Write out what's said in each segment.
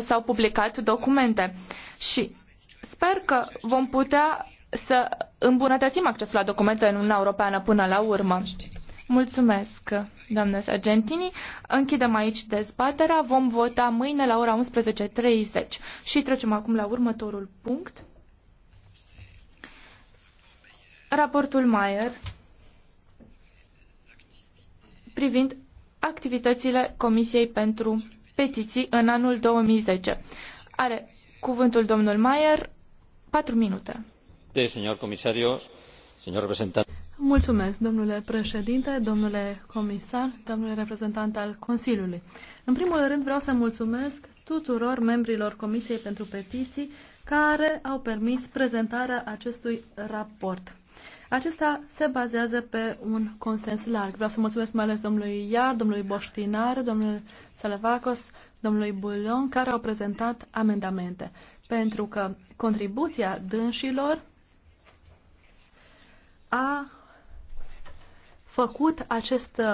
s-au publicat documente și sper că vom putea să îmbunătățim accesul la documente în Uniunea Europeană până la urmă. Mulțumesc, doamnă Sargentini. Închidem aici dezbaterea. Vom vota mâine la ora 11.30 și trecem acum la următorul punct. Raportul Mayer privind activitățile Comisiei pentru petiții în anul 2010. Are cuvântul domnul Mayer, patru minute. De, señor comisario, Mulțumesc, domnule președinte, domnule comisar, domnule reprezentant al Consiliului. În primul rând vreau să mulțumesc tuturor membrilor Comisiei pentru Petiții care au permis prezentarea acestui raport. Acesta se bazează pe un consens larg. Vreau să mulțumesc mai ales domnului Iar, domnului Boștinar, domnului Salavacos, domnului Bulon, care au prezentat amendamente, pentru că contribuția dânșilor a făcut acest uh,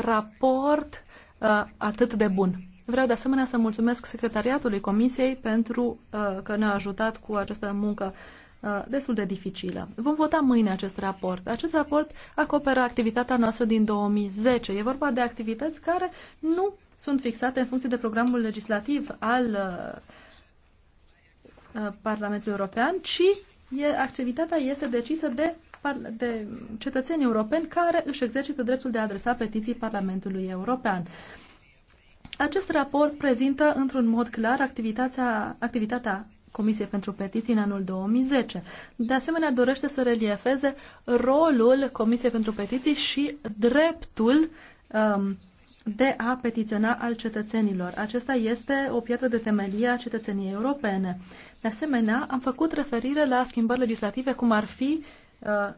raport uh, atât de bun. Vreau de asemenea să mulțumesc secretariatului Comisiei pentru uh, că ne-a ajutat cu această muncă Uh, destul de dificilă. Vom vota mâine acest raport. Acest raport acoperă activitatea noastră din 2010. E vorba de activități care nu sunt fixate în funcție de programul legislativ al uh, uh, Parlamentului European, ci e, activitatea este decisă de, de cetățenii europeni care își exercită dreptul de a adresa petiții Parlamentului European. Acest raport prezintă într-un mod clar activitatea, activitatea Comisie pentru Petiții în anul 2010. De asemenea, dorește să reliefeze rolul Comisiei pentru Petiții și dreptul um, de a petiționa al cetățenilor. Acesta este o piatră de temelie a cetățeniei europene. De asemenea, am făcut referire la schimbări legislative, cum ar fi uh,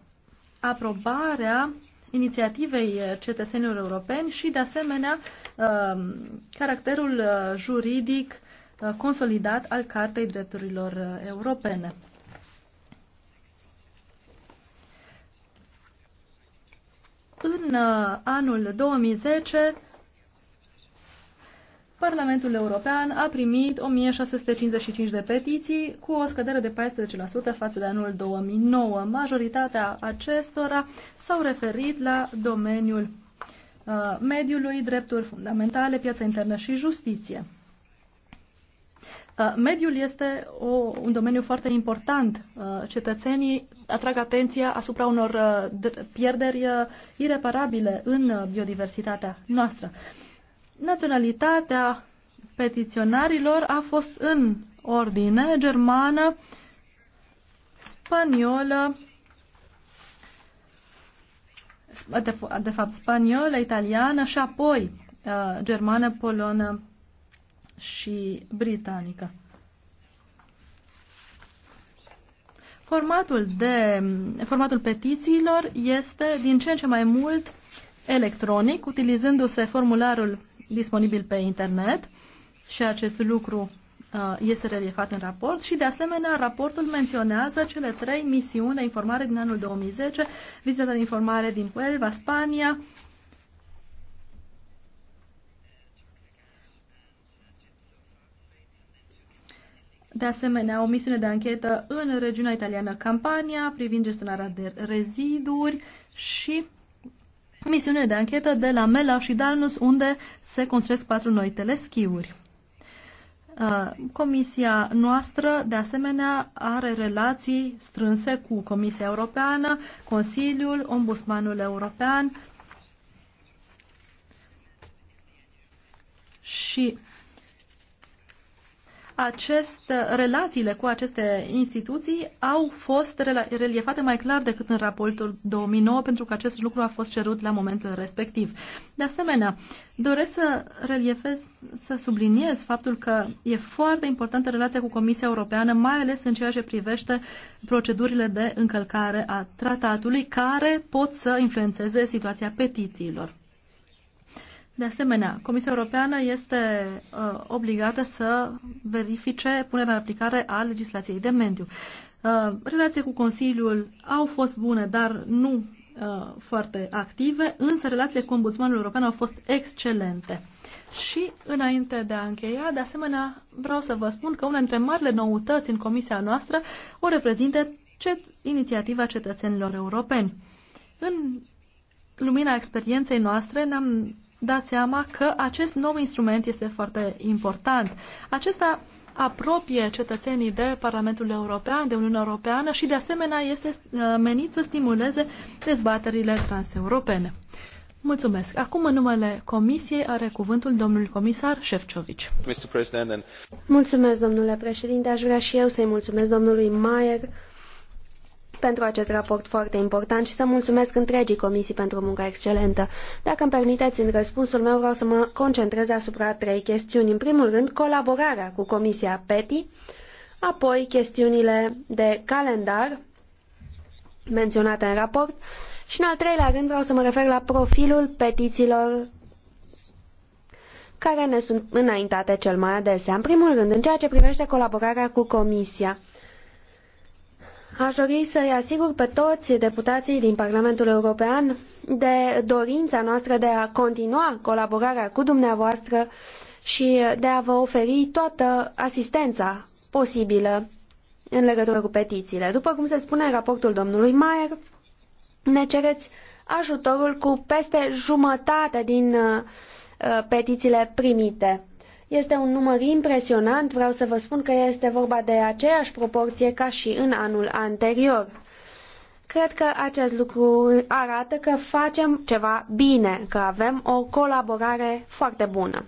aprobarea inițiativei cetățenilor europeni și, de asemenea, um, uh, caracterul juridic Uh, consolidat al Cartei Drepturilor uh, Europene. În uh, anul 2010, Parlamentul European a primit 1655 de petiții cu o scădere de 14% față de anul 2009. Majoritatea acestora s-au referit la domeniul mediului, drepturi fundamentale, piața internă și justiție. Uh, mediul este o, un domeniu foarte important. Uh, cetățenii atrag atenția asupra unor uh, pierderi ireparabile în biodiversitatea noastră. Naționalitatea petiționarilor a fost în ordine germană, spaniolă, de, de fapt spaniolă, italiană și apoi uh, germană, polonă, și britanică. Formatul, de, formatul petițiilor este din ce în ce mai mult electronic, utilizându-se formularul disponibil pe internet și acest lucru uh, este reliefat în raport și, de asemenea, raportul menționează cele trei misiuni de informare din anul 2010, vizita de informare din Huelva, Spania de asemenea o misiune de anchetă în regiunea italiană Campania privind gestionarea de reziduri și misiune de anchetă de la Mela și Dalnus unde se construiesc patru noi teleschiuri. Uh, comisia noastră, de asemenea, are relații strânse cu Comisia Europeană, Consiliul, Ombudsmanul European și acest, uh, relațiile cu aceste instituții au fost reliefate mai clar decât în raportul 2009, pentru că acest lucru a fost cerut la momentul respectiv. De asemenea, doresc să reliefez, să subliniez faptul că e foarte importantă relația cu Comisia Europeană, mai ales în ceea ce privește procedurile de încălcare a tratatului, care pot să influențeze situația petițiilor. De asemenea, Comisia Europeană este uh, obligată să verifice punerea în aplicare a legislației de mediu. Uh, relații cu Consiliul au fost bune, dar nu uh, foarte active, însă relațiile cu Ombudsmanul European au fost excelente. Și înainte de a încheia, de asemenea, vreau să vă spun că una dintre marile noutăți în comisia noastră o reprezintă cet- inițiativa cetățenilor europeni. În lumina experienței noastre ne-am dat seama că acest nou instrument este foarte important. Acesta apropie cetățenii de Parlamentul European, de Uniunea Europeană și de asemenea este uh, menit să stimuleze dezbaterile transeuropene. Mulțumesc. Acum, în numele Comisiei, are cuvântul domnul comisar Șefciovici. Mulțumesc, domnule președinte. Aș vrea și eu să-i mulțumesc domnului Maier pentru acest raport foarte important și să mulțumesc întregii comisii pentru munca excelentă. Dacă îmi permiteți, în răspunsul meu vreau să mă concentrez asupra trei chestiuni. În primul rând, colaborarea cu Comisia PETI, apoi chestiunile de calendar menționate în raport și, în al treilea rând, vreau să mă refer la profilul petițiilor care ne sunt înaintate cel mai adesea. În primul rând, în ceea ce privește colaborarea cu Comisia. Aș dori să-i asigur pe toți deputații din Parlamentul European de dorința noastră de a continua colaborarea cu dumneavoastră și de a vă oferi toată asistența posibilă în legătură cu petițiile. După cum se spune în raportul domnului Mayer, ne cereți ajutorul cu peste jumătate din uh, uh, petițiile primite. Este un număr impresionant, vreau să vă spun că este vorba de aceeași proporție ca și în anul anterior. Cred că acest lucru arată că facem ceva bine, că avem o colaborare foarte bună.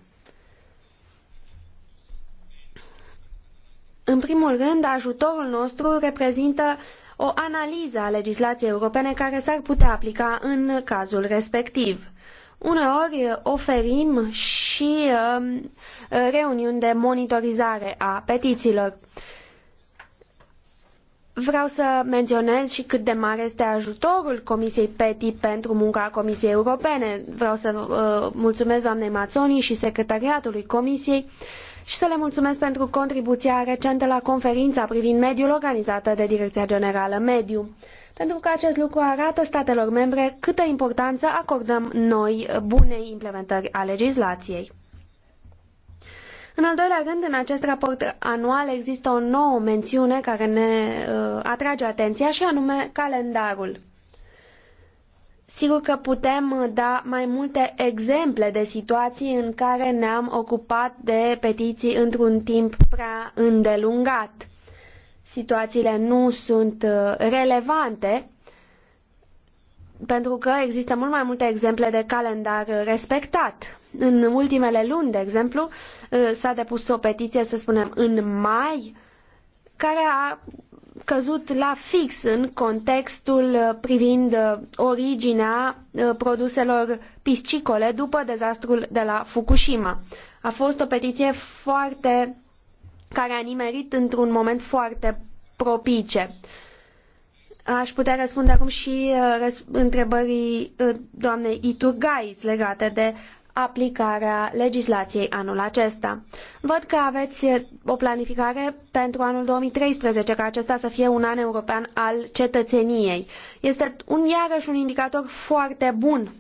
În primul rând, ajutorul nostru reprezintă o analiză a legislației europene care s-ar putea aplica în cazul respectiv. Uneori uh, oferim și um, reuniuni de monitorizare a petițiilor. Vreau să menționez și cât de mare este ajutorul Comisiei PETI pentru munca Comisiei Europene. Vreau să uh, mulțumesc doamnei Mazzoni și secretariatului Comisiei uh, și să le mulțumesc pentru contribuția recentă la conferința privind mediul organizată de Direcția Generală Mediu, pentru că acest lucru arată statelor membre câtă importanță acordăm noi bunei implementări a legislației. În al doilea rând, în acest raport anual există o nouă mențiune care ne uh, atrage atenția și anume calendarul. Sigur că putem uh, da mai multe exemple de situații în care ne-am ocupat de petiții într-un timp prea îndelungat. Situațiile nu sunt uh, relevante pentru că există mult mai multe exemple de calendar uh, respectat. În ultimele luni, de exemplu, s-a depus o petiție, să spunem, în mai, care a căzut la fix în contextul uh, privind uh, originea uh, produselor piscicole după dezastrul de la Fukushima. A fost o petiție foarte care a nimerit într-un moment foarte propice. Aș putea răspunde acum și întrebării doamnei Iturgais legate de aplicarea legislației anul acesta. Văd că aveți o planificare pentru anul 2013, ca acesta să fie un an european al cetățeniei. Este un, iarăși un indicator foarte bun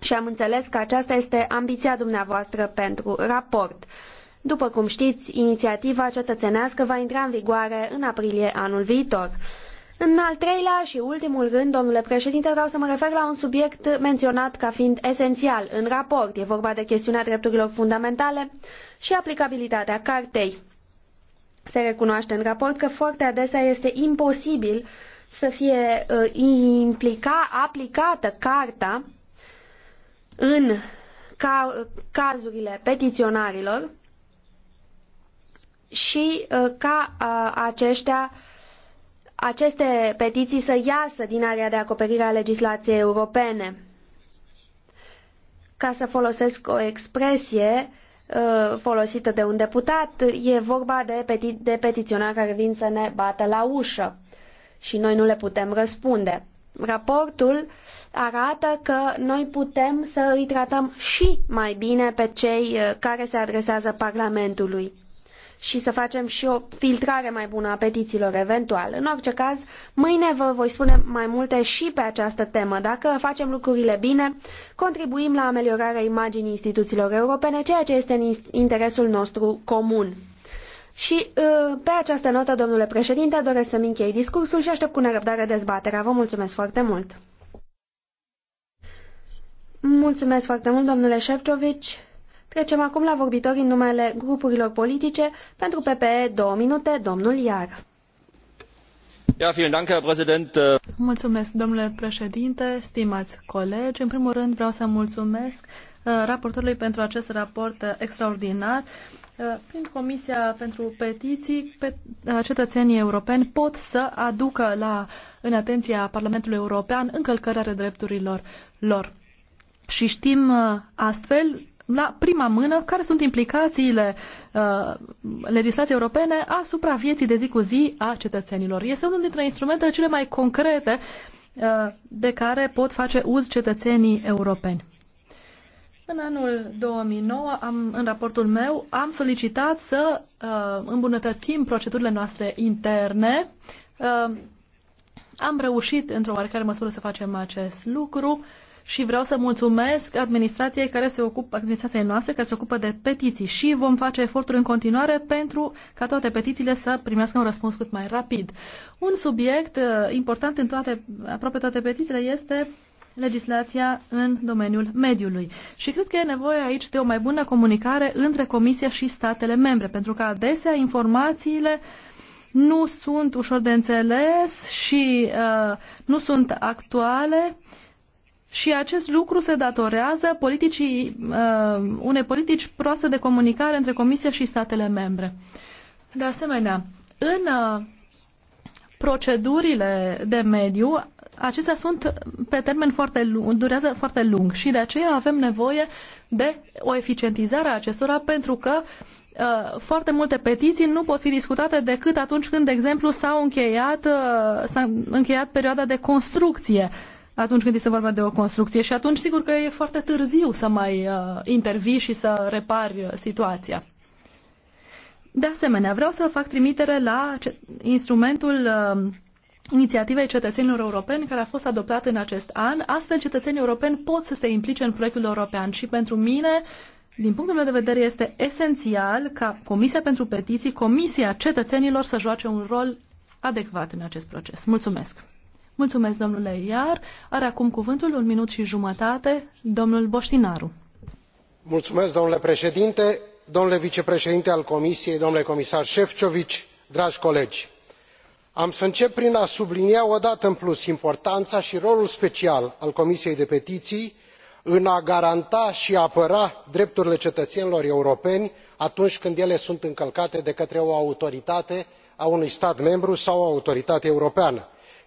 și am înțeles că aceasta este ambiția dumneavoastră pentru raport. După cum știți, inițiativa cetățenească va intra în vigoare în aprilie anul viitor. În al treilea și ultimul rând, domnule președinte, vreau să mă refer la un subiect menționat ca fiind esențial în raport. E vorba de chestiunea drepturilor fundamentale și aplicabilitatea cartei. Se recunoaște în raport că foarte adesea este imposibil să fie uh, implica, aplicată carta în ca, cazurile petiționarilor și uh, ca uh, aceștia uh, aceste petiții să iasă din area de acoperire a legislației europene. Ca să folosesc o expresie uh, folosită de un deputat, e vorba de, peti- de petiționari care vin să ne bată la ușă și noi nu le putem răspunde. Raportul arată că noi putem să îi tratăm și mai bine pe cei uh, care se adresează Parlamentului și să facem și o filtrare mai bună a petițiilor eventual. În orice caz, mâine vă voi spune mai multe și pe această temă. Dacă facem lucrurile bine, contribuim la ameliorarea imaginii instituțiilor europene, ceea ce este în interesul nostru comun. Și uh, pe această notă, domnule președinte, doresc să-mi închei discursul și aștept cu nerăbdare dezbaterea. Vă mulțumesc foarte mult! Mulțumesc foarte mult, domnule Șefcovici. Trecem acum la vorbitori în numele grupurilor politice. Pentru PPE, două minute, domnul Iar. Mulțumesc, domnule președinte, stimați colegi. În primul rând vreau să mulțumesc uh, raportorului pentru acest raport uh, extraordinar. Uh, prin Comisia pentru Petiții, cetățenii europeni pot să aducă la, în atenția Parlamentului European încălcările drepturilor lor. Și știm astfel la prima mână care sunt implicațiile uh, legislației europene asupra vieții de zi cu zi a cetățenilor. Este unul dintre instrumentele cele mai concrete uh, de care pot face uz cetățenii europeni. În anul 2009, am, în raportul meu, am solicitat să uh, îmbunătățim procedurile noastre interne. Uh, am reușit, într-o oarecare măsură, să facem acest lucru. Uh, și vreau să mulțumesc administrației care se ocupă, administrației noastre care se ocupă de petiții și vom face eforturi în continuare pentru ca toate petițiile să primească un răspuns cât mai rapid. Un subiect uh, important în toate, aproape toate petițiile este legislația în domeniul mediului. Și cred că e nevoie aici de o mai bună comunicare între Comisia și statele membre, pentru că adesea informațiile nu sunt ușor de înțeles și uh, nu sunt actuale și acest lucru se datorează politicii, uh, unei politici proaste de comunicare între Comisie și statele membre. De asemenea, în uh, procedurile de mediu, acestea sunt pe termen foarte lung, durează foarte lung și de aceea avem nevoie de o eficientizare a acestora pentru că uh, foarte multe petiții nu pot fi discutate decât atunci când, de exemplu, s-a încheiat, uh, încheiat perioada de construcție atunci când este vorba de o construcție și atunci sigur că e foarte târziu să mai uh, intervii și să repari uh, situația. De asemenea, vreau să fac trimitere la instrumentul uh, inițiativei cetățenilor europeni care a fost adoptat în acest an. Astfel, cetățenii europeni pot să se implice în proiectul european și pentru mine, din punctul meu de vedere, este esențial ca Comisia pentru Petiții, Comisia Cetățenilor să joace un rol adecvat în acest proces. Mulțumesc! Mulțumesc, domnule Iar. Are acum cuvântul un minut și jumătate, domnul Boștinaru. Mulțumesc, domnule președinte, domnule vicepreședinte al Comisiei, domnule comisar Șefcovic, dragi colegi. Am să încep prin a sublinia o dată în plus importanța și rolul special al Comisiei de Petiții în a garanta și a apăra drepturile cetățenilor europeni atunci când ele sunt încălcate de către o autoritate a unui stat membru sau o autoritate europeană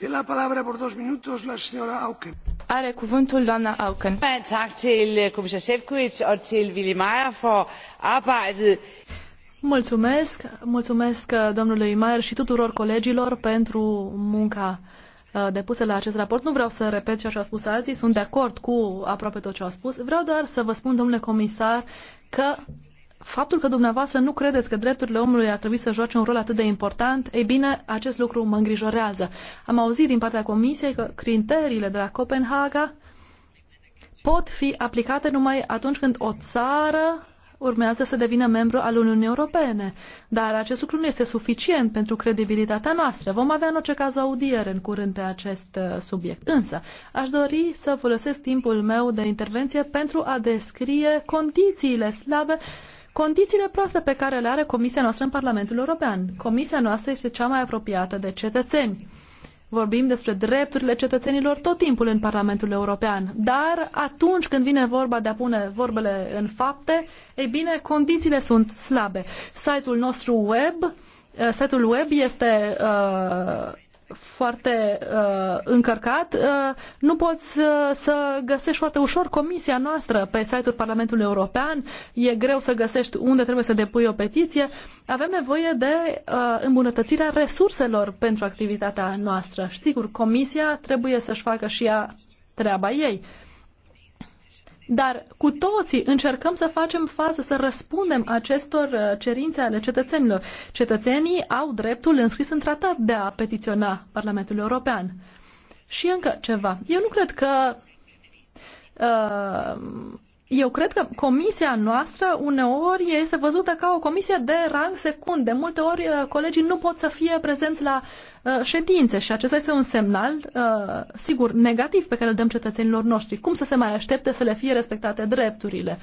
Tak til eh, kommissær Sefcovic og til Willy Meyer for arbejdet. Mulțumesc, mulțumesc eh, domnului Maier și tuturor colegilor pentru munca eh, depusă la acest raport. Nu vreau să repet ceea ce au spus alții, sunt de acord cu aproape tot ce au spus. Vreau doar să vă spun, domnule comisar, că faptul că dumneavoastră nu credeți că drepturile omului ar trebui să joace un rol atât de important, ei bine, acest lucru mă îngrijorează. Am auzit din partea Comisiei că criteriile de la Copenhaga pot fi aplicate numai atunci când o țară urmează să devină membru al Uniunii Europene. Dar acest lucru nu este suficient pentru credibilitatea noastră. Vom avea în orice caz o audiere în curând pe acest uh, subiect. Însă, aș dori să folosesc timpul meu de intervenție pentru a descrie condițiile slabe uh, condițiile proaste pe care le are Comisia noastră în Parlamentul European. Comisia noastră este cea mai apropiată de cetățeni. Vorbim despre drepturile cetățenilor tot timpul în Parlamentul European, dar atunci când vine vorba de a pune vorbele în fapte, ei bine, condițiile sunt slabe. Site-ul nostru web, eh, site-ul web este uh, foarte uh, încărcat, uh, nu poți uh, să găsești foarte ușor comisia noastră pe site-ul Parlamentului European, e greu să găsești unde trebuie să depui o petiție. Avem nevoie de uh, îmbunătățirea resurselor pentru activitatea noastră. Sigur, comisia trebuie să-și facă și ea treaba ei. Uh, dar cu toții încercăm să facem față, să răspundem acestor uh, cerințe ale cetățenilor. Cetățenii au dreptul înscris în tratat de a petiționa Parlamentul European. Și încă ceva. Eu nu cred că. Uh, eu cred că comisia noastră uneori este văzută ca o comisie de rang secund. De multe ori uh, colegii nu pot să fie prezenți la uh, Uh, ședințe și acesta este un semnal, uh, sigur, negativ pe care îl dăm cetățenilor noștri. Cum să se mai aștepte să le fie respectate drepturile?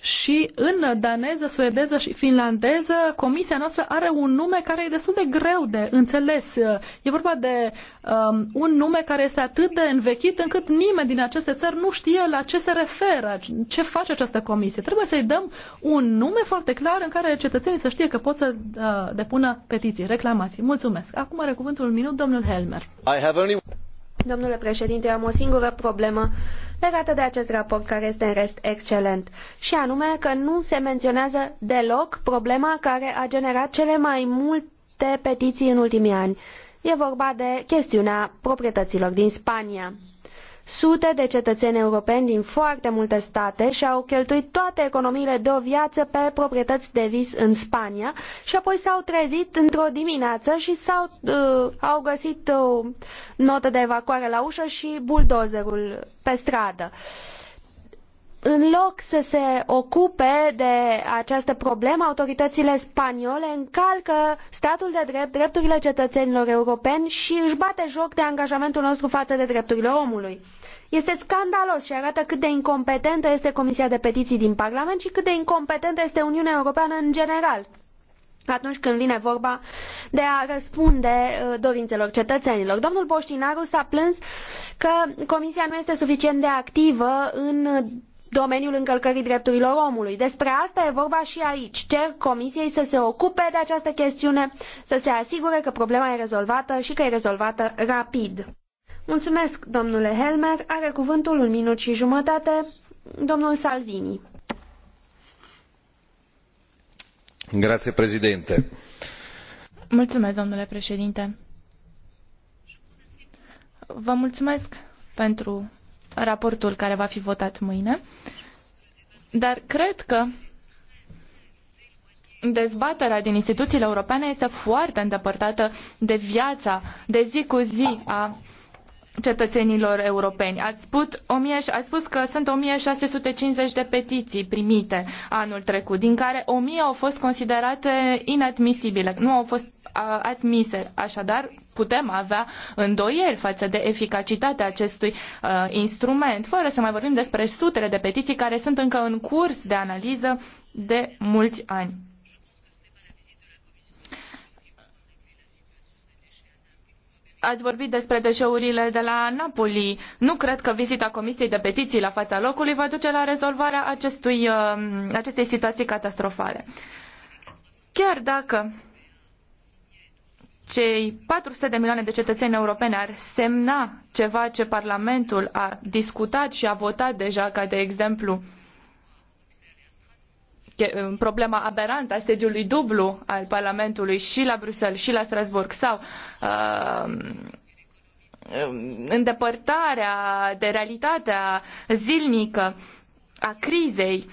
și în daneză, suedeză și finlandeză, comisia noastră are un nume care e destul de greu de înțeles. E vorba de um, un nume care este atât de învechit încât nimeni din aceste țări nu știe la ce se referă, ce face această comisie. Trebuie să-i dăm un nume foarte clar în care cetățenii să știe că pot să uh, depună petiții, reclamații. Mulțumesc. Acum are cuvântul un minut domnul Helmer. I have only... Domnule președinte, am o singură problemă legată de acest raport care este în rest excelent și anume că nu se menționează deloc problema care a generat cele mai multe petiții în ultimii ani. E vorba de chestiunea proprietăților din Spania. Sute de cetățeni europeni din foarte multe state și-au cheltuit toate economiile de o viață pe proprietăți de vis în Spania și apoi s-au trezit într-o dimineață și s-au, uh, au găsit o notă de evacuare la ușă și buldozerul pe stradă în loc să se ocupe de această problemă, autoritățile spaniole încalcă statul de drept, drepturile cetățenilor europeni și își bate joc de angajamentul nostru față de drepturile omului. Este scandalos și arată cât de incompetentă este Comisia de Petiții din Parlament și cât de incompetentă este Uniunea Europeană în general atunci când vine vorba de a răspunde uh, dorințelor cetățenilor. Domnul Boștinaru s-a plâns că Comisia nu este suficient de activă în domeniul încălcării drepturilor omului. Despre asta e vorba și aici. Cer Comisiei să se ocupe de această chestiune, să se asigure că problema e rezolvată și că e rezolvată rapid. Mulțumesc, domnule Helmer. Are cuvântul un minut și jumătate, domnul Salvini. Grazie, președinte. Mulțumesc, domnule președinte. Vă mulțumesc pentru raportul care va fi votat mâine, dar cred că dezbaterea din instituțiile europene este foarte îndepărtată de viața de zi cu zi a cetățenilor europeni. Ați spus, 1000, ați spus că sunt 1650 de petiții primite anul trecut, din care 1000 au fost considerate inadmisibile, nu au fost admise. Așadar, putem avea îndoieli față de eficacitatea acestui uh, instrument, fără să mai vorbim despre sutele de petiții care sunt încă în curs de analiză de mulți ani. Ați vorbit despre deșeurile de la Napoli. Nu cred că vizita Comisiei de Petiții la fața locului va duce la rezolvarea acestui, um, acestei situații catastrofale. Chiar dacă cei 400 de milioane de cetățeni europeni ar semna ceva ce Parlamentul a discutat și a votat deja, ca de exemplu problema aberantă a sediului dublu al Parlamentului și la Bruxelles și la Strasbourg sau uh, îndepărtarea de realitatea zilnică a crizei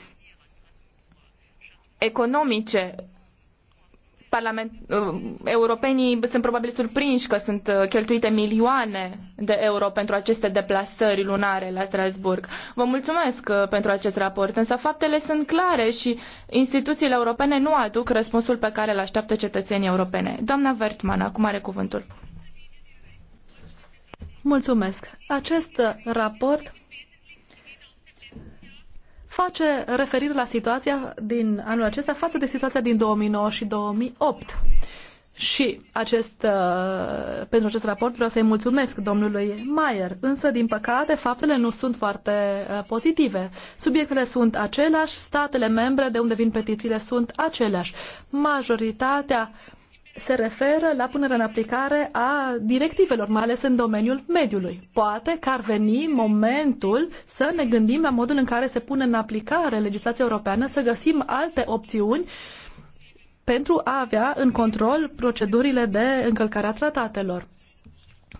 economice Parlament, uh, europenii sunt probabil surprinși că sunt uh, cheltuite milioane de euro pentru aceste deplasări lunare la Strasbourg. Vă mulțumesc uh, pentru acest raport, însă faptele sunt clare și instituțiile europene nu aduc răspunsul pe care îl așteaptă cetățenii europene. Doamna Vertman, acum are cuvântul. Mulțumesc. Acest raport face referire la situația din anul acesta față de situația din 2009 și 2008. Și acest, uh, pentru acest raport vreau să-i mulțumesc domnului Mayer, însă, din păcate, faptele nu sunt foarte uh, pozitive. Subiectele sunt aceleași, statele membre de unde vin petițiile sunt aceleași. Majoritatea se referă la punerea în aplicare a directivelor, mai ales în domeniul mediului. Poate că ar veni momentul să ne gândim la modul în care se pune în aplicare legislația europeană, să găsim alte opțiuni pentru a avea în control procedurile de încălcare a tratatelor.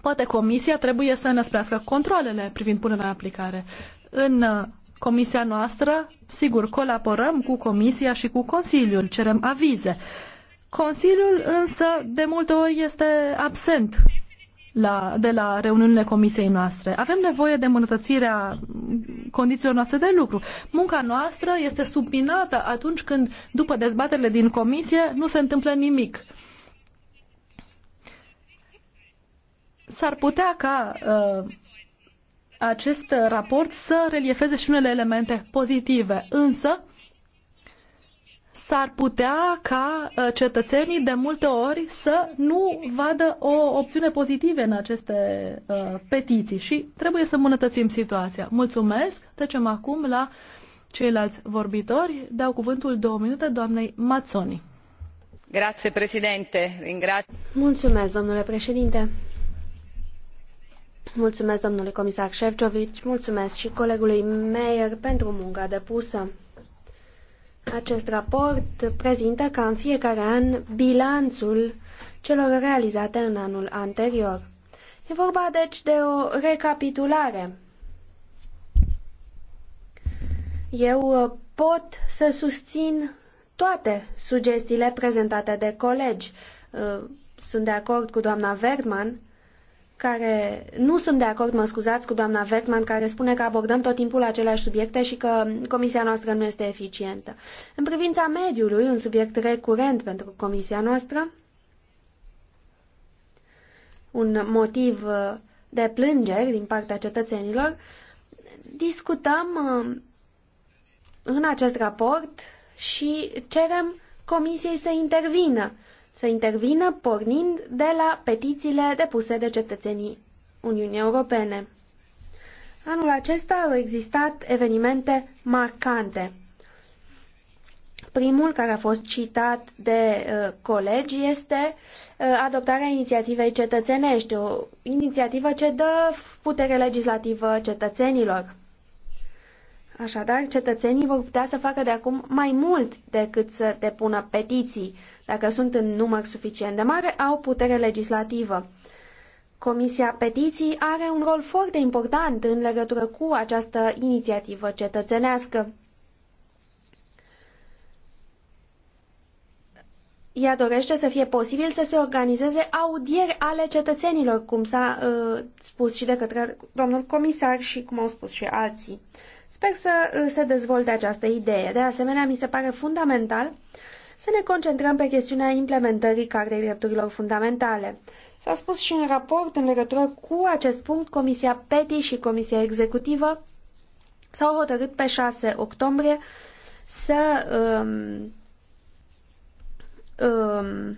Poate comisia trebuie să năsprească controlele privind punerea în aplicare. În uh, comisia noastră, sigur, colaborăm cu comisia și cu Consiliul, cerem avize. Consiliul însă de multe ori este absent la, de la reuniunile comisiei noastre. Avem nevoie de îmbunătățirea condițiilor noastre de lucru. Munca noastră este subminată atunci când, după dezbaterile din comisie, nu se întâmplă nimic. S-ar putea ca uh, acest raport să reliefeze și unele elemente pozitive, însă s-ar putea ca uh, cetățenii de multe ori să nu vadă o opțiune pozitivă în aceste uh, petiții și trebuie să îmbunătățim situația. Mulțumesc! Trecem acum la ceilalți vorbitori. Dau cuvântul două minute doamnei Mazzoni. Grazie, președinte. Mulțumesc, domnule președinte. Mulțumesc, domnule comisar Șefcovici. Mulțumesc și colegului Meyer pentru munca depusă. Acest raport prezintă ca în fiecare an bilanțul celor realizate în anul anterior. E vorba deci de o recapitulare. Eu uh, pot să susțin toate sugestiile prezentate de colegi. Uh, sunt de acord cu doamna Verdman care nu sunt de acord, mă scuzați, cu doamna Vertman, care spune că abordăm tot timpul aceleași subiecte și că comisia noastră nu este eficientă. În privința mediului, un subiect recurent pentru comisia noastră, un motiv uh, de plângeri din partea cetățenilor, discutăm uh, în acest raport și cerem comisiei să intervină să intervină pornind de la petițiile depuse de cetățenii Uniunii Europene. Anul acesta au existat evenimente marcante. Primul care a fost citat de uh, colegi este uh, adoptarea inițiativei cetățenești, o inițiativă ce dă putere legislativă cetățenilor. Așadar, cetățenii vor putea să facă de acum mai mult decât să depună petiții. Uh, dacă sunt în număr suficient de mare, au putere legislativă. Comisia Petiții are un rol foarte important în legătură cu această inițiativă cetățenească. Ea dorește să fie posibil să se organizeze audieri ale cetățenilor, cum s-a uh, spus și de către domnul comisar și cum au spus și alții. Sper să uh, se dezvolte această idee. De asemenea, mi se pare fundamental să ne concentrăm pe chestiunea implementării Cartei Drepturilor Fundamentale. S-a spus și în raport în legătură cu acest punct, Comisia PETI și Comisia Executivă s-au hotărât pe 6 octombrie să um, um,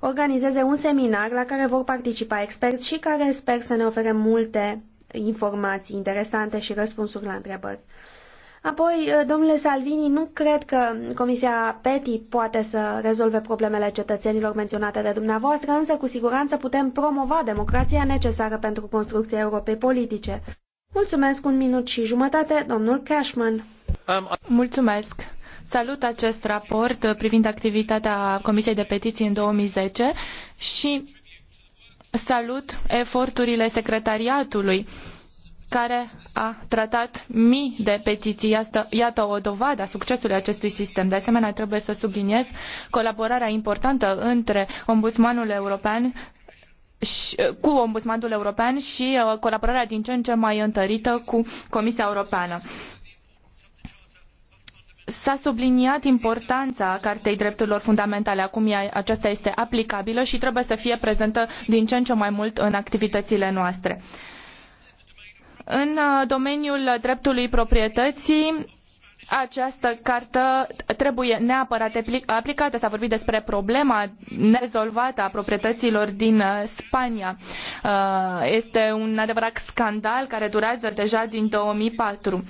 organizeze un seminar la care vor participa experți și care sper să ne ofere multe informații interesante și răspunsuri la întrebări. Apoi, uh, domnule Salvini, nu cred că Comisia PETI poate să rezolve problemele cetățenilor menționate de dumneavoastră, însă cu siguranță putem promova democrația necesară pentru construcția Europei politice. Mulțumesc un minut și jumătate, domnul Cashman. Um, Mulțumesc. Salut acest raport privind activitatea Comisiei de Petiții în 2010 și salut eforturile secretariatului care a tratat mii de petiții. Iată o dovadă a succesului acestui sistem. De asemenea, trebuie să subliniez colaborarea importantă între Ombudsmanul European cu Ombudsmanul European și uh, colaborarea din ce în ce mai întărită cu Comisia Europeană. S-a subliniat importanța Cartei Drepturilor Fundamentale, acum ea, aceasta este aplicabilă și trebuie să fie prezentă din ce în ce mai mult în activitățile noastre. Uh, în uh, domeniul dreptului proprietății, această carte trebuie neapărat aplicată. S-a vorbit despre problema nerezolvată a proprietăților din uh, Spania. Uh, este un adevărat scandal care durează deja din 2004.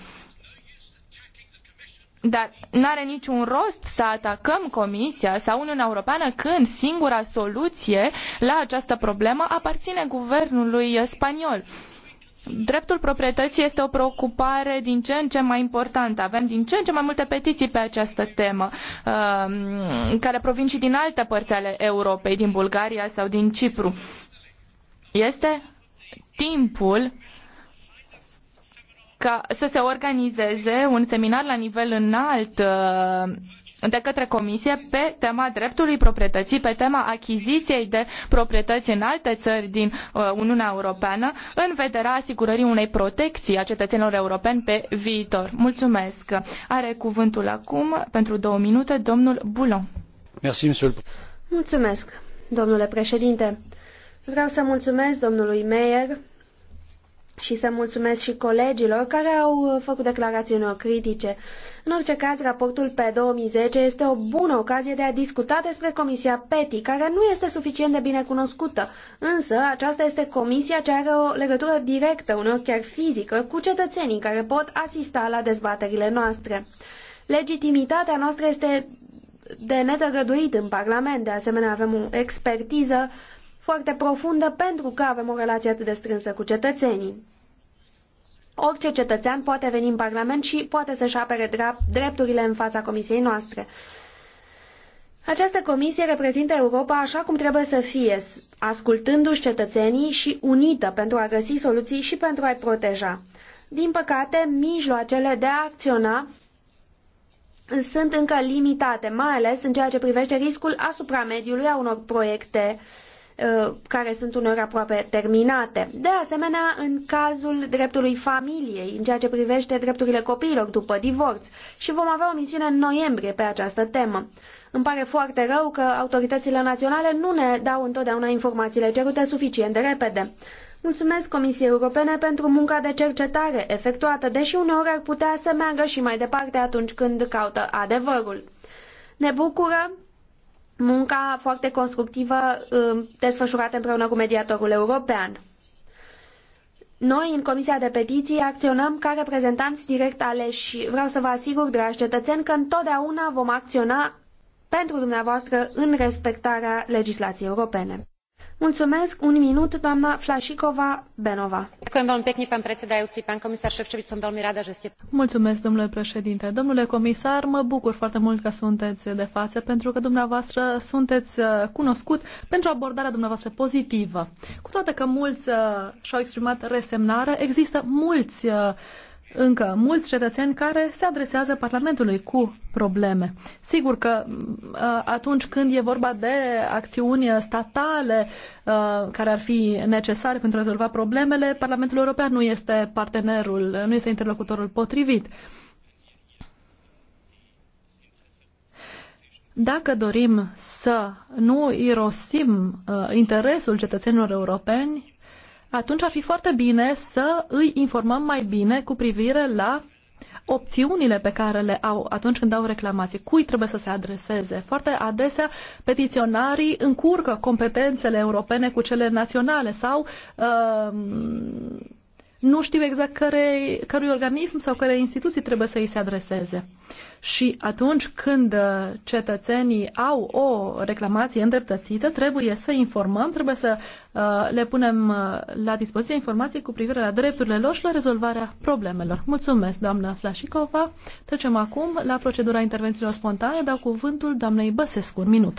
Dar n-are niciun rost să atacăm Comisia sau Uniunea Europeană când singura soluție la această problemă aparține guvernului spaniol. Dreptul proprietății este o preocupare din ce în ce mai importantă. Avem din ce în ce mai multe petiții pe această temă, um, care provin și din alte părți ale Europei, din Bulgaria sau din Cipru. Este timpul ca să se organizeze un seminar la nivel înalt uh, de către Comisie pe tema dreptului proprietății, pe tema achiziției de proprietăți în alte țări din uh, Uniunea Europeană, în vederea asigurării unei protecții a cetățenilor europeni pe viitor. Mulțumesc. Are cuvântul acum, pentru două minute, domnul Boulon. Mulțumesc, domnule președinte. Vreau să mulțumesc domnului Meyer și să mulțumesc și colegilor care au uh, făcut declarații unor critice. În orice caz, raportul pe 2010 este o bună ocazie de a discuta despre Comisia PETI, care nu este suficient de bine cunoscută, însă aceasta este comisia ce are o legătură directă, uneori chiar fizică, cu cetățenii care pot asista la dezbaterile noastre. Legitimitatea noastră este de netăgăduit în Parlament, de asemenea avem o expertiză uh, foarte profundă pentru că avem o relație atât de strânsă cu cetățenii. Orice cetățean poate veni în Parlament și poate să-și apere drepturile în fața comisiei noastre. Această comisie reprezintă Europa așa cum trebuie să fie, ascultându-și cetățenii și unită pentru a găsi soluții și pentru a-i proteja. Din păcate, mijloacele de a acționa sunt încă limitate, mai ales în ceea ce privește riscul asupra mediului a unor proiecte uh, Uh, care sunt uneori aproape terminate. De asemenea, în cazul dreptului familiei, în ceea ce privește drepturile copiilor după divorț. Și vom avea o misiune în noiembrie pe această temă. Îmi pare foarte rău că autoritățile naționale nu ne dau întotdeauna informațiile cerute suficient de repede. Mulțumesc Comisiei Europene pentru munca de cercetare efectuată, deși uneori ar putea să meargă și mai departe atunci când caută adevărul. Ne bucură munca foarte constructivă um, desfășurată împreună cu mediatorul european. Noi, în Comisia de Petiții, acționăm ca reprezentanți direct aleși. Vreau să vă asigur, dragi cetățeni, că întotdeauna vom acționa pentru dumneavoastră în respectarea legislației europene. Mulțumesc. Un minut, doamna Flașicova Benova. Mulțumesc, domnule președinte. Domnule comisar, mă bucur foarte mult că sunteți de față, pentru că dumneavoastră sunteți uh, cunoscut pentru abordarea dumneavoastră pozitivă. Cu toate că mulți uh, și-au exprimat resemnare, există mulți uh, încă mulți cetățeni care se adresează Parlamentului cu probleme. Sigur că uh, atunci când e vorba de acțiuni statale uh, care ar fi necesare pentru a rezolva problemele, Parlamentul European nu este partenerul, nu este interlocutorul potrivit. Dacă dorim să nu irosim uh, interesul cetățenilor europeni, atunci ar fi foarte bine să îi informăm mai bine cu privire la opțiunile pe care le au atunci când au reclamații, cui trebuie să se adreseze. Foarte adesea petiționarii încurcă competențele europene cu cele naționale sau uh, nu știu exact care, cărui organism sau care instituții trebuie să îi se adreseze. Și atunci când uh, cetățenii au o reclamație îndreptățită, trebuie să informăm, trebuie să uh, le punem uh, la dispoziție informații cu privire la drepturile lor și la rezolvarea problemelor. Mulțumesc, doamna Flașicova. Trecem acum la procedura intervențiilor spontane. Dau cuvântul doamnei Băsescu. Un minut.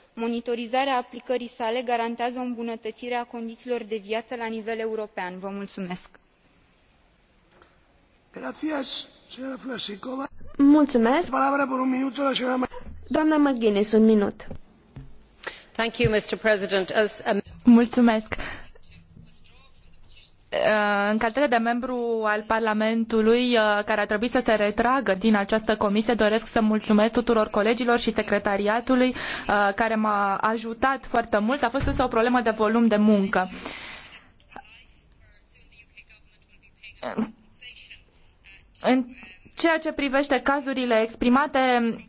monitorizarea aplicării sale garantează o îmbunătăire a condițiilor de viață la nivel european. vă mulțumesc. mulțumesc. un minut. Mulțumesc. Uh, în calitate de membru al Parlamentului uh, care a trebuit să se retragă din această comisie, doresc să mulțumesc tuturor colegilor și secretariatului uh, care m-a ajutat foarte mult. A fost însă o problemă de volum de muncă. În ceea ce privește cazurile exprimate,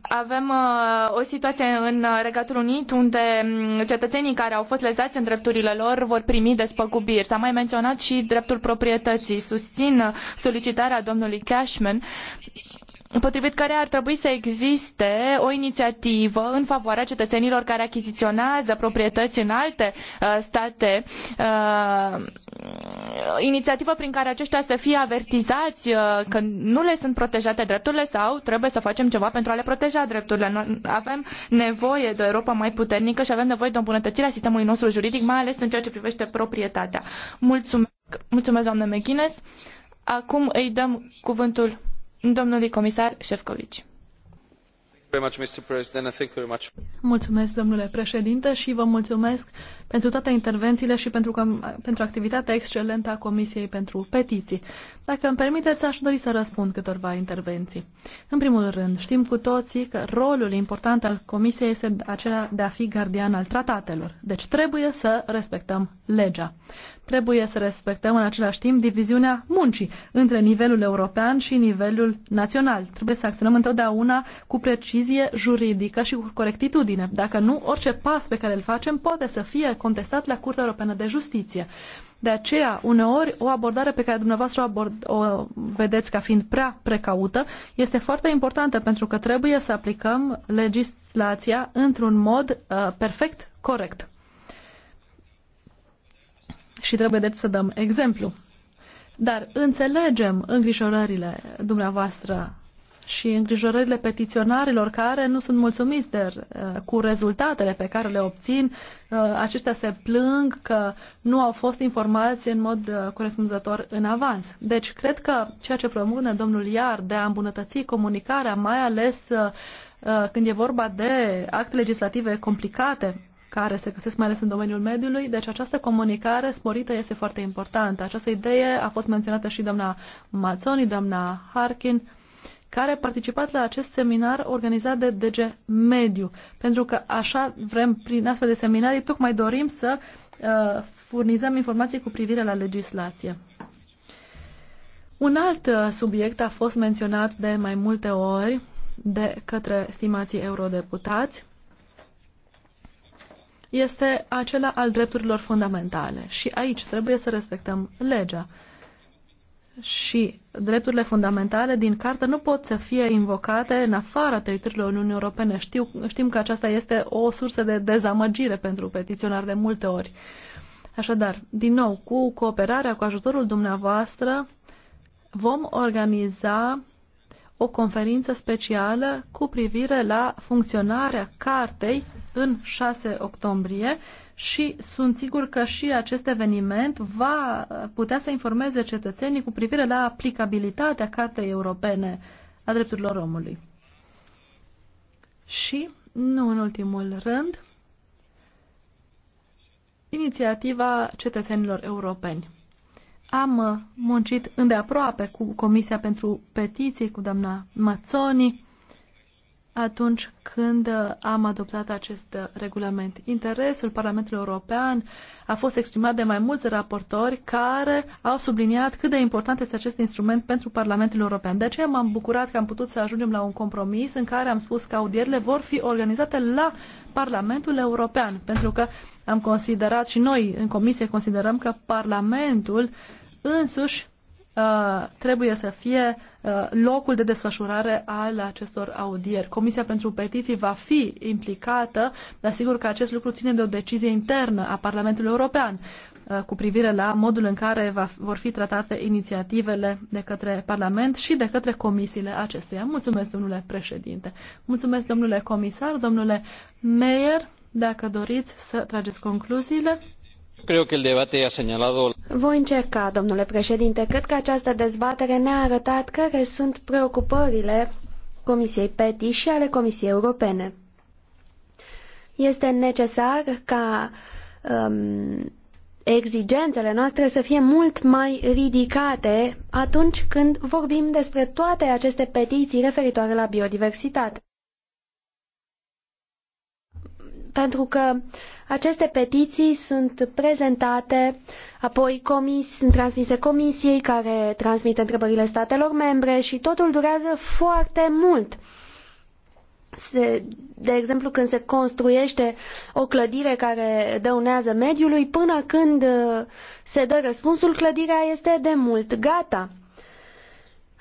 avem uh, o situație în Regatul Unit unde mm, cetățenii care au fost lezați în drepturile lor vor primi despăgubiri. S-a mai menționat și dreptul proprietății. Susțin solicitarea domnului Cashman potrivit care ar trebui să existe o inițiativă în favoarea cetățenilor care achiziționează proprietăți în alte uh, state, uh, inițiativă prin care aceștia să fie avertizați uh, că nu le sunt protejate drepturile sau trebuie să facem ceva pentru a le proteja drepturile. Noi avem nevoie de o Europa mai puternică și avem nevoie de o îmbunătățire a sistemului nostru juridic, mai ales în ceea ce privește proprietatea. Mulțumesc, mulțumesc doamnă McGuinness. Acum îi dăm cuvântul domnului comisar Șefcovici. Mulțumesc, domnule președinte, și vă mulțumesc pentru toate intervențiile și pentru, pentru activitatea excelentă a Comisiei pentru Petiții. Dacă îmi permiteți, aș dori să răspund câtorva intervenții. În primul rând, știm cu toții că rolul important al Comisiei este acela de a fi gardian al tratatelor, deci trebuie să respectăm legea trebuie să respectăm în același timp diviziunea muncii între nivelul european și nivelul național. Trebuie să acționăm întotdeauna cu precizie juridică și cu corectitudine. Dacă nu, orice pas pe care îl facem poate să fie contestat la Curtea Europeană de Justiție. De aceea, uneori, o abordare pe care dumneavoastră o, abord, o vedeți ca fiind prea precaută este foarte importantă pentru că trebuie să aplicăm legislația într-un mod uh, perfect corect și trebuie deci să dăm exemplu. Dar înțelegem îngrijorările dumneavoastră și îngrijorările petiționarilor care nu sunt mulțumiți de, uh, cu rezultatele pe care le obțin. Uh, aceștia se plâng că nu au fost informați în mod uh, corespunzător în avans. Deci, cred că ceea ce promune domnul Iar de a îmbunătăți comunicarea, mai ales când e vorba de acte legislative complicate, care se găsesc mai ales în domeniul mediului. Deci această comunicare sporită este foarte importantă. Această idee a fost menționată și doamna Mazzoni, doamna Harkin, care a participat la acest seminar organizat de DG Mediu. Pentru că așa vrem, prin astfel de seminarii, tocmai dorim să uh, furnizăm informații cu privire la legislație. Un alt uh, subiect a fost menționat de mai multe ori de către stimații eurodeputați este acela al drepturilor fundamentale și aici trebuie să respectăm legea. Și drepturile fundamentale din carte nu pot să fie invocate în afara teritoriilor Uniunii Europene. Știu, știm că aceasta este o sursă de dezamăgire pentru petiționari de multe ori. Așadar, din nou, cu cooperarea, cu ajutorul dumneavoastră, vom organiza o conferință specială cu privire la funcționarea cartei în 6 octombrie și sunt sigur că și acest eveniment va putea să informeze cetățenii cu privire la aplicabilitatea Cartei Europene a Drepturilor Omului. Și, nu în ultimul rând, inițiativa cetățenilor europeni. Am muncit îndeaproape cu Comisia pentru Petiții, cu doamna Mazzoni, atunci când uh, am adoptat acest uh, regulament. Interesul Parlamentului European a fost exprimat de mai mulți raportori care au subliniat cât de important este acest instrument pentru Parlamentul European. De aceea m-am bucurat că am putut să ajungem la un compromis în care am spus că audierile vor fi organizate la Parlamentul European, pentru că am considerat și noi în comisie considerăm că Parlamentul însuși Uh, trebuie să fie uh, locul de desfășurare al acestor audieri. Comisia pentru Petiții va fi implicată, dar sigur că acest lucru ține de o decizie internă a Parlamentului European uh, cu privire la modul în care va, vor fi tratate inițiativele de către Parlament și de către comisiile acesteia. Mulțumesc, domnule președinte. Mulțumesc, domnule comisar, domnule Meyer, dacă doriți să trageți concluziile. Voi încerca, domnule președinte. Cred că această dezbatere ne-a arătat care sunt preocupările Comisiei PETI și ale Comisiei Europene. Este necesar ca um, exigențele noastre să fie mult mai ridicate atunci când vorbim despre toate aceste petiții referitoare la biodiversitate pentru că aceste petiții sunt prezentate, apoi comis, sunt transmise comisiei care transmite întrebările statelor membre și totul durează foarte mult. Se, de exemplu, când se construiește o clădire care dăunează mediului, până când uh, se dă răspunsul, clădirea este de mult gata.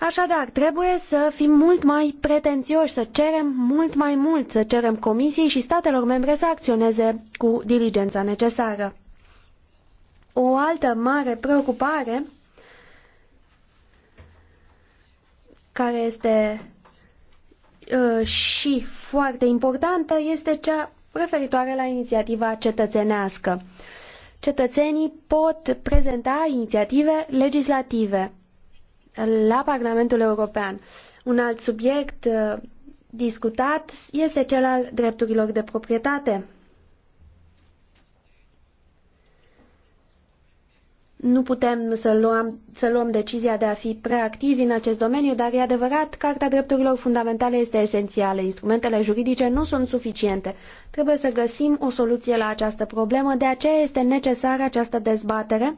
Așadar, trebuie să fim mult mai pretențioși, să cerem mult mai mult, să cerem Comisiei și statelor membre să acționeze cu diligența necesară. O altă mare preocupare care este uh, și foarte importantă este cea referitoare la inițiativa cetățenească. Cetățenii pot prezenta inițiative legislative la Parlamentul European. Un alt subiect uh, discutat este cel al drepturilor de proprietate. Nu putem să luăm, să luăm decizia de a fi preactivi în acest domeniu, dar e adevărat, Carta Drepturilor Fundamentale este esențială. Instrumentele juridice nu sunt suficiente. Trebuie să găsim o soluție la această problemă, de aceea este necesară această dezbatere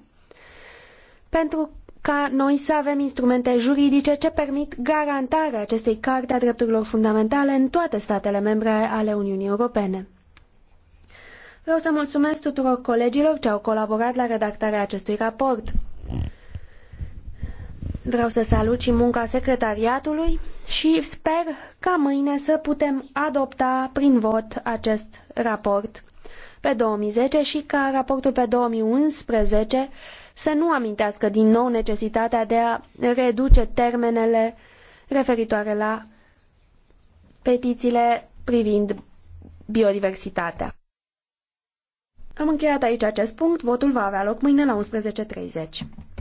pentru ca noi să avem instrumente juridice ce permit garantarea acestei carte a drepturilor fundamentale în toate statele membre ale Uniunii Europene. Vreau să mulțumesc tuturor colegilor ce au colaborat la redactarea acestui raport. Vreau să salut și munca secretariatului și sper ca mâine să putem adopta prin vot acest raport pe 2010 și ca raportul pe 2011 să nu amintească din nou necesitatea de a reduce termenele referitoare la petițiile privind biodiversitatea. Am încheiat aici acest punct. Votul va avea loc mâine la 11.30.